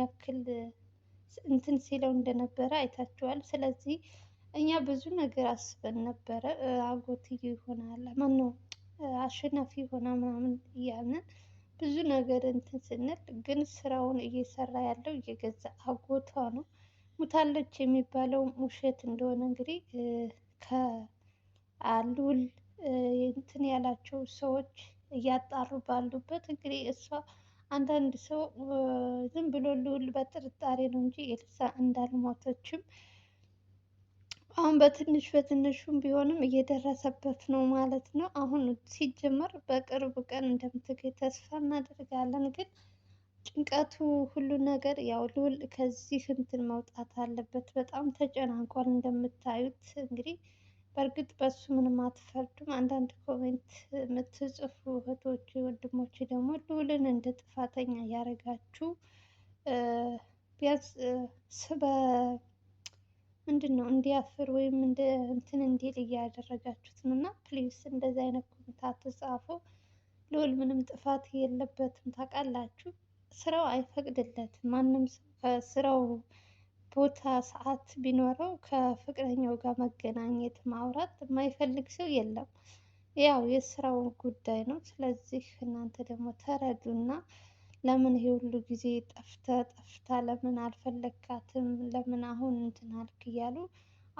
ያክል እንትን ሲለው እንደነበረ አይታችኋል። ስለዚህ እኛ ብዙ ነገር አስበን ነበረ። አጎትዬ ይሆናል ነው አሸናፊ ሆና ምናምን እያልን ብዙ ነገር እንትን ስንል ግን ስራውን እየሰራ ያለው እየገዛ አጎቷ ነው። ሙታለች የሚባለው ውሸት እንደሆነ እንግዲህ ከአሉል እንትን ያላቸው ሰዎች እያጣሩ ባሉበት እንግዲህ እሷ አንዳንድ ሰው ዝም ብሎ ልዑል በጥርጣሬ ነው እንጂ ኤልሳ እንዳልሞተችም አሁን በትንሽ በትንሹም ቢሆንም እየደረሰበት ነው ማለት ነው። አሁን ሲጀመር በቅርብ ቀን እንደምትገኝ ተስፋ እናደርጋለን። ግን ጭንቀቱ ሁሉ ነገር ያው ልዑል ከዚህ እንትን መውጣት አለበት። በጣም ተጨናንቋል እንደምታዩት እንግዲህ በእርግጥ በሱ ምንም አትፈርዱም። አንዳንድ ኮሜንት የምትጽፉ እህቶች ወንድሞች ደግሞ ልዑልን እንደ ጥፋተኛ እያደረጋችሁ ቢያንስ ስበ ምንድን ነው እንዲያፍር ወይም እንደ እንትን እንዲል እያደረጋችሁት ነው እና ፕሊስ እንደዚህ አይነት ኮሜንት አትጻፉ። ልዑል ምንም ጥፋት የለበትም። ታውቃላችሁ፣ ስራው አይፈቅድለትም። ማንም ስራው ቦታ ሰዓት ቢኖረው ከፍቅረኛው ጋር መገናኘት ማውራት የማይፈልግ ሰው የለም። ያው የስራው ጉዳይ ነው። ስለዚህ እናንተ ደግሞ ተረዱና ለምን ይሄ ሁሉ ጊዜ ጠፍተ ጠፍታ ለምን አልፈለግካትም ለምን አሁን እንትን አልክ እያሉ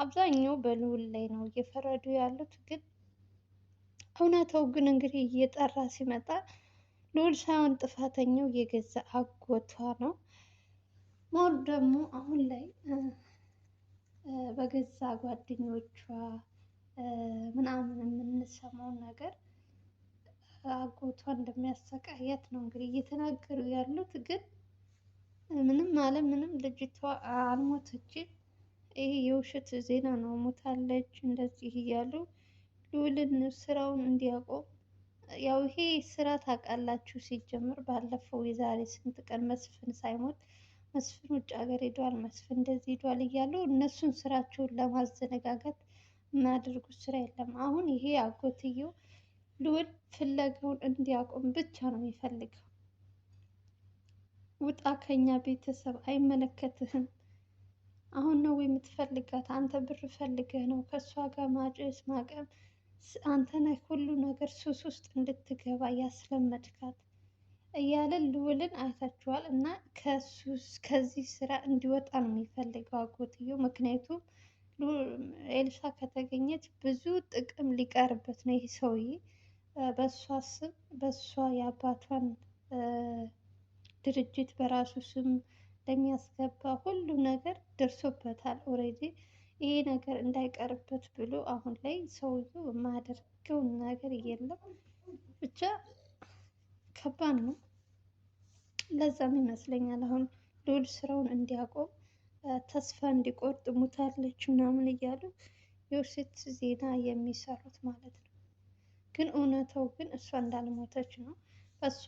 አብዛኛው በልውል ላይ ነው እየፈረዱ ያሉት። ግን እውነታው ግን እንግዲህ እየጠራ ሲመጣ ልውል ሳይሆን ጥፋተኛው የገዛ አጎቷ ነው። ሞር ደግሞ አሁን ላይ በገዛ ጓደኞቿ ምናምን የምንሰማው ነገር አጎቷ እንደሚያሰቃያት ነው እንግዲህ እየተናገሩ ያሉት። ግን ምንም አለ ምንም ልጅቷ አልሞተችም። ይሄ የውሸት ዜና ነው። ሞታለች እንደዚህ እያሉ ልዑልን ስራውን እንዲያቆም ያው ይሄ ስራ ታውቃላችሁ። ሲጀምር ባለፈው የዛሬ ስንት ቀን መስፍን ሳይሞት መስፍን ውጭ ሀገር ሄዷል፣ መስፍን እንደዚህ ሄዷል እያሉ እነሱን ስራቸውን ለማዘነጋገት የማያደርጉት ስራ የለም። አሁን ይሄ አጎትየው ልዑል ፍለጋውን እንዲያቆም ብቻ ነው የሚፈልገው። ውጣ ከኛ ቤተሰብ አይመለከትህም። አሁን ነው የምትፈልጋት አንተ ብር ፈልገህ ነው ከእሷ ጋር ማጨስ ማቀም አንተ ነህ ሁሉ ነገር ሱስ ውስጥ እንድትገባ ያስለመድካት። እያለ ልዑልን አይታችኋል። እና ከዚህ ስራ እንዲወጣ ነው የሚፈልገው አጎትየው። ምክንያቱም ኤልሳ ከተገኘች ብዙ ጥቅም ሊቀርበት ነው ይህ ሰውዬ። በእሷ ስም በእሷ የአባቷን ድርጅት በራሱ ስም ለሚያስገባ ሁሉ ነገር ደርሶበታል ኦልሬዲ። ይሄ ነገር እንዳይቀርበት ብሎ አሁን ላይ ሰውዬው የማያደርገውን ነገር የለም ብቻ ከባድ ነው። ለዛም ይመስለኛል አሁን ልዑል ስራውን እንዲያቆም ተስፋ እንዲቆርጥ ሙታለች ምናምን እያሉ የውሸት ዜና የሚሰሩት ማለት ነው። ግን እውነታው ግን እሷ እንዳልሞተች ነው።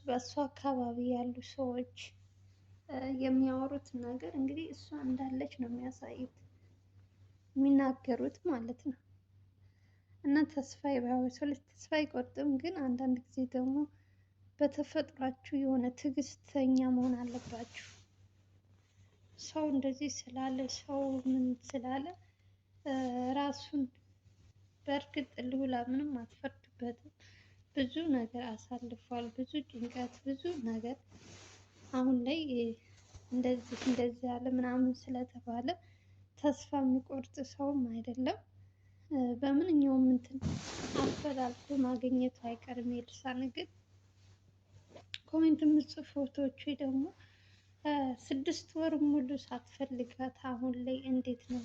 በእሱ አካባቢ ያሉ ሰዎች የሚያወሩት ነገር እንግዲህ እሷ እንዳለች ነው የሚያሳዩት የሚናገሩት ማለት ነው። እና ተስፋ የባሰው ልጅ ተስፋ አይቆርጥም። ግን አንዳንድ ጊዜ ደግሞ በተፈጥሯችሁ የሆነ ትዕግስተኛ መሆን አለባችሁ። ሰው እንደዚህ ስላለ ሰው ምን ስላለ ራሱን በእርግጥ ልዑል ምንም አትፈርድበትም። ብዙ ነገር አሳልፏል። ብዙ ጭንቀት፣ ብዙ ነገር አሁን ላይ እንደዚህ እንደዚህ ያለ ምናምን ስለተባለ ተስፋ የሚቆርጥ ሰውም አይደለም። በምንኛውም እንትን አፈላልጎ ማግኘቱ አይቀርም። የልሳን ግን ኮሜንት የምትጽፉ ፎቶዎቹ ደግሞ ስድስት ወር ሙሉ ሳትፈልጋት አሁን ላይ እንዴት ነው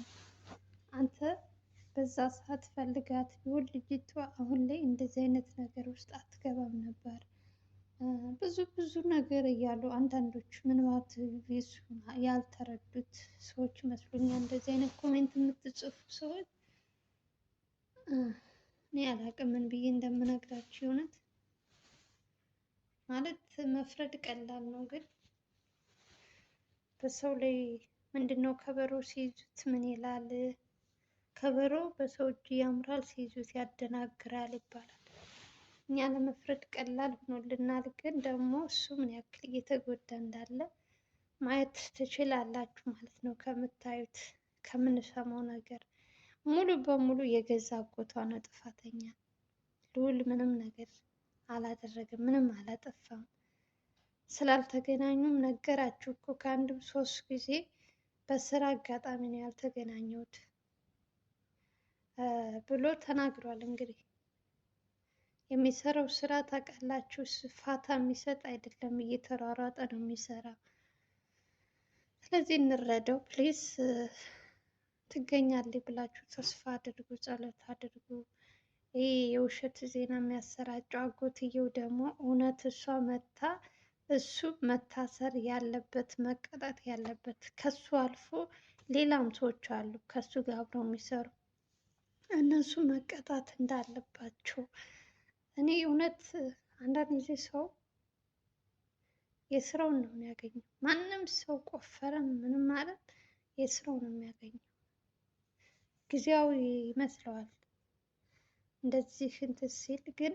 አንተ በዛ ሰዓት ፈልጋት ቢሆን ልጅቷ አሁን ላይ እንደዚህ አይነት ነገር ውስጥ አትገባም ነበር። ብዙ ብዙ ነገር እያሉ አንዳንዶቹ ምናልባት ያልተረዱት ሰዎች ይመስሉኛል። እንደዚህ አይነት ኮሜንት የምትጽፉ ሰዎች እኔ አላቅም ምን ብዬ እንደምነግራችሁ እውነት ማለት መፍረድ ቀላል ነው፣ ግን በሰው ላይ ምንድን ነው ከበሮ ሲይዙት ምን ይላል? ከበሮ በሰው እጅ ያምራል፣ ሲይዙት ያደናግራል ይባላል። እኛ ለመፍረድ ቀላል ሆኖልናል፣ ግን ደግሞ እሱ ምን ያክል እየተጎዳ እንዳለ ማየት ትችላላችሁ ማለት ነው። ከምታዩት ከምንሰማው ነገር ሙሉ በሙሉ የገዛ አጎቷ ነው ጥፋተኛ ልዑል ምንም ነገር አላደረገም፣ ምንም አላጠፋም። ስላልተገናኙም ነገራችሁ እኮ ከአንድም ሶስት ጊዜ በስራ አጋጣሚ ነው ያልተገናኘሁት ብሎ ተናግሯል። እንግዲህ የሚሰራው ስራ ታውቃላችሁ፣ ፋታ የሚሰጥ አይደለም። እየተሯሯጠ ነው የሚሰራ። ስለዚህ እንረዳው ፕሊስ። ትገኛለች ብላችሁ ተስፋ አድርጉ፣ ጸሎት አድርጉ። ይህ የውሸት ዜና የሚያሰራጨው አጎትየው ደግሞ እውነት እሷ መታ እሱ መታሰር ያለበት መቀጣት ያለበት ከሱ አልፎ ሌላም ሰዎች አሉ ከሱ ጋር አብረው የሚሰሩ እነሱ መቀጣት እንዳለባቸው። እኔ እውነት አንዳንድ ጊዜ ሰው የስራውን ነው የሚያገኘው። ማንም ሰው ቆፈረ ምንም ማለት የስራውን ነው የሚያገኘው። ጊዜያዊ ይመስለዋል እንደዚህ እንትን ሲል ግን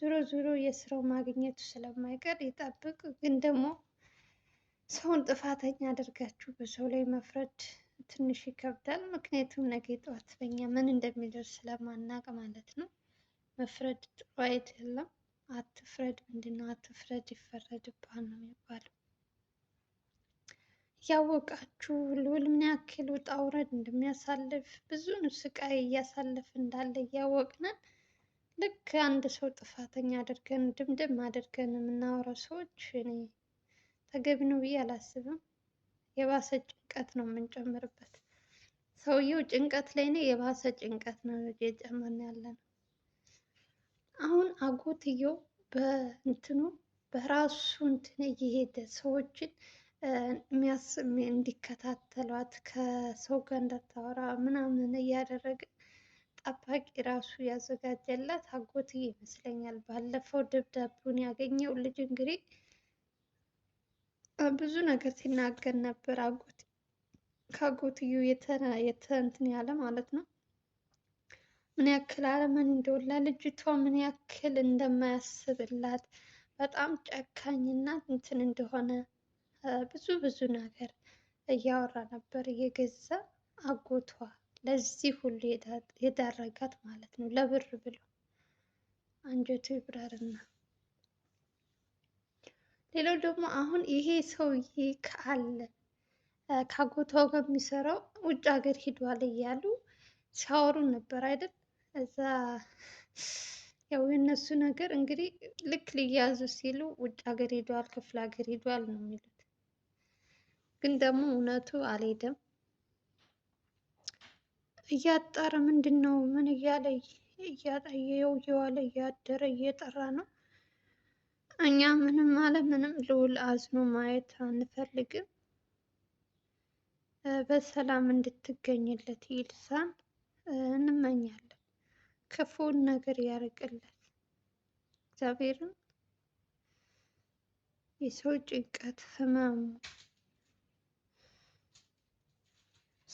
ዞሮ ዞሮ የስራው ማግኘቱ ስለማይቀር ይጠብቅ። ግን ደግሞ ሰውን ጥፋተኛ አድርጋችሁ በሰው ላይ መፍረድ ትንሽ ይከብዳል። ምክንያቱም ነገ ጠዋት በኛ ምን እንደሚደርስ ስለማናቅ ማለት ነው። መፍረድ ጥሩ አይደለም። አትፍረድ፣ ምንድነው አትፍረድ፣ ይፈረድብሃል ነው የሚባለው። ያወቃችሁ ልዑል ምን ያክል ውጣ ውረድ እንደሚያሳልፍ ብዙ ስቃይ እያሳለፈ እንዳለ እያወቅነን ልክ አንድ ሰው ጥፋተኛ አድርገን ድምድም አድርገን የምናወራ ሰዎች እኔ ተገቢ ነው ብዬ አላስብም። የባሰ ጭንቀት ነው የምንጨምርበት። ሰውየው ጭንቀት ላይ ነው፣ የባሰ ጭንቀት ነው እየጨመርን ያለ ነው። አሁን አጎትየው በእንትኑ በራሱ እንትን እየሄደ ሰዎችን እንዲከታተሏት ከሰው ጋር እንዳታወራ ምናምን እያደረገ ጠባቂ ራሱ ያዘጋጀላት አጎትዬ ይመስለኛል። ባለፈው ደብዳቤውን ያገኘው ልጅ እንግዲህ ብዙ ነገር ሲናገር ነበር። አጎት ከአጎትዩ የተንትን ያለ ማለት ነው። ምን ያክል አለመን እንደሆነ ለልጅቷ ምን ያክል እንደማያስብላት በጣም ጨካኝና እንትን እንደሆነ ብዙ ብዙ ነገር እያወራ ነበር የገዛ አጎቷ ለዚህ ሁሉ የዳረጋት ማለት ነው። ለብር ብሎ አንጀቱ ይብረርና ሌላው ደግሞ አሁን ይሄ ሰውዬ ካለ ከአጎቷ ጋር የሚሰራው ውጭ ሀገር ሂዷል እያሉ ሲያወሩ ነበር አይደል? እዛ ያው የእነሱ ነገር እንግዲህ ልክ ሊያዙ ሲሉ ውጭ ሀገር ሂዷል፣ ክፍለ ሀገር ሂዷል ነው የሚሉት ግን ደግሞ እውነቱ አልሄደም። እያጣረ ምንድን ነው ምን እያለ እየዋለ እያደረ እየጠራ ነው። እኛ ምንም አለ ምንም ልውል አዝኖ ማየት አንፈልግም። በሰላም እንድትገኝለት ይልሳን እንመኛለን። ክፉን ነገር ያርቅለት እግዚአብሔርን የሰው ጭንቀት ህመሙ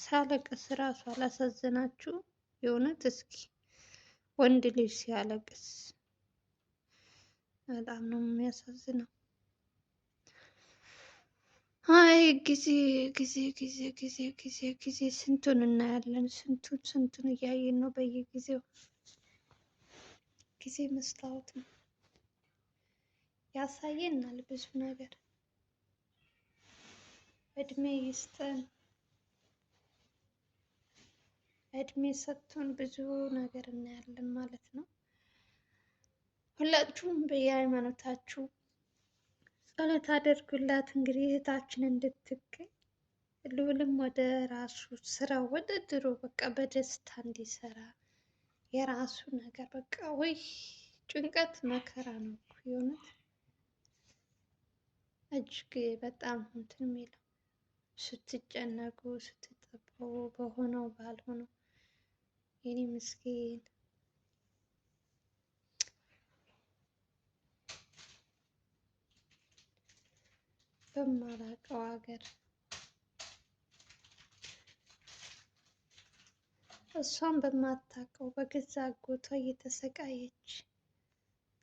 ሲያለቅስ ራሱ አላሳዘናችሁ? የእውነት እስኪ ወንድ ልጅ ሲያለቅስ በጣም ነው የሚያሳዝነው። አይ ጊዜ ጊዜ ጊዜ ጊዜ ጊዜ ጊዜ ስንቱን እናያለን። ስንቱን ስንቱን እያየን ነው በየጊዜው። ጊዜ መስታወት ነው ያሳየናል ብዙ ነገር። እድሜ ይስጠን። እድሜ ሰጥቶን ብዙ ነገር እናያለን ማለት ነው። ሁላችሁም በየሃይማኖታችሁ ጸሎት አድርጉላት እንግዲህ እህታችን እንድትገኝ ልዑልም ወደ ራሱ ስራ ወደ ድሮ በቃ በደስታ እንዲሰራ የራሱ ነገር በቃ ወይ ጭንቀት መከራ ነው የሆነት እጅግ በጣም እንትን የሚለው ስትጨነቁ ስትጠበቡ በሆነው ባልሆነው የኔ ምስኪን በማላውቀው ሀገር እሷን በማታቀው በገዛ አጎቷ እየተሰቃየች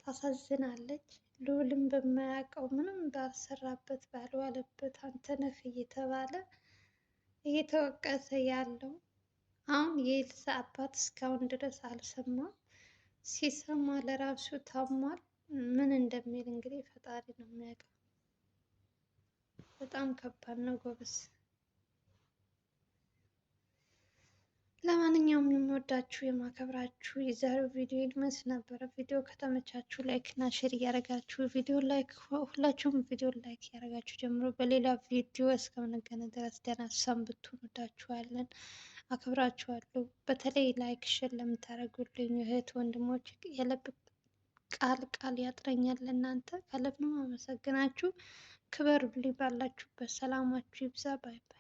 ታሳዝናለች። ልዑልም በማያውቀው ምንም ባልሰራበት ባልዋለበት አንተ ነህ እየተባለ እየተወቀሰ ያለው አሁን የኤልሳ አባት እስካሁን ድረስ አልሰማም። ሲሰማ ለራሱ ታሟል። ምን እንደሚል እንግዲህ ፈጣሪ ነው የሚያውቀው። በጣም ከባድ ነው ጎበዝ። ለማንኛውም የምወዳችሁ የማከብራችሁ የዛሬው ቪዲዮ ይመስል ነበረ። ቪዲዮ ከተመቻችሁ ላይክ እና ሼር እያደረጋችሁ ቪዲዮ ላይክ ሁላችሁም ቪዲዮ ላይክ እያደረጋችሁ ጀምሮ በሌላ ቪዲዮ እስከምንገናኝ ድረስ ደህና ሰንብቱ። እንወዳችኋለን፣ አከብራችኋለሁ። በተለይ ላይክ ሼር ለምታደርጉልኝ እህት ወንድሞች የልብ ቃል ቃል ያጥረኛል። ለእናንተ ከልብ ነው አመሰግናችሁ። ክበር ክበሩልኝ። ባላችሁበት ሰላማችሁ ይብዛ። ባይ ባይ።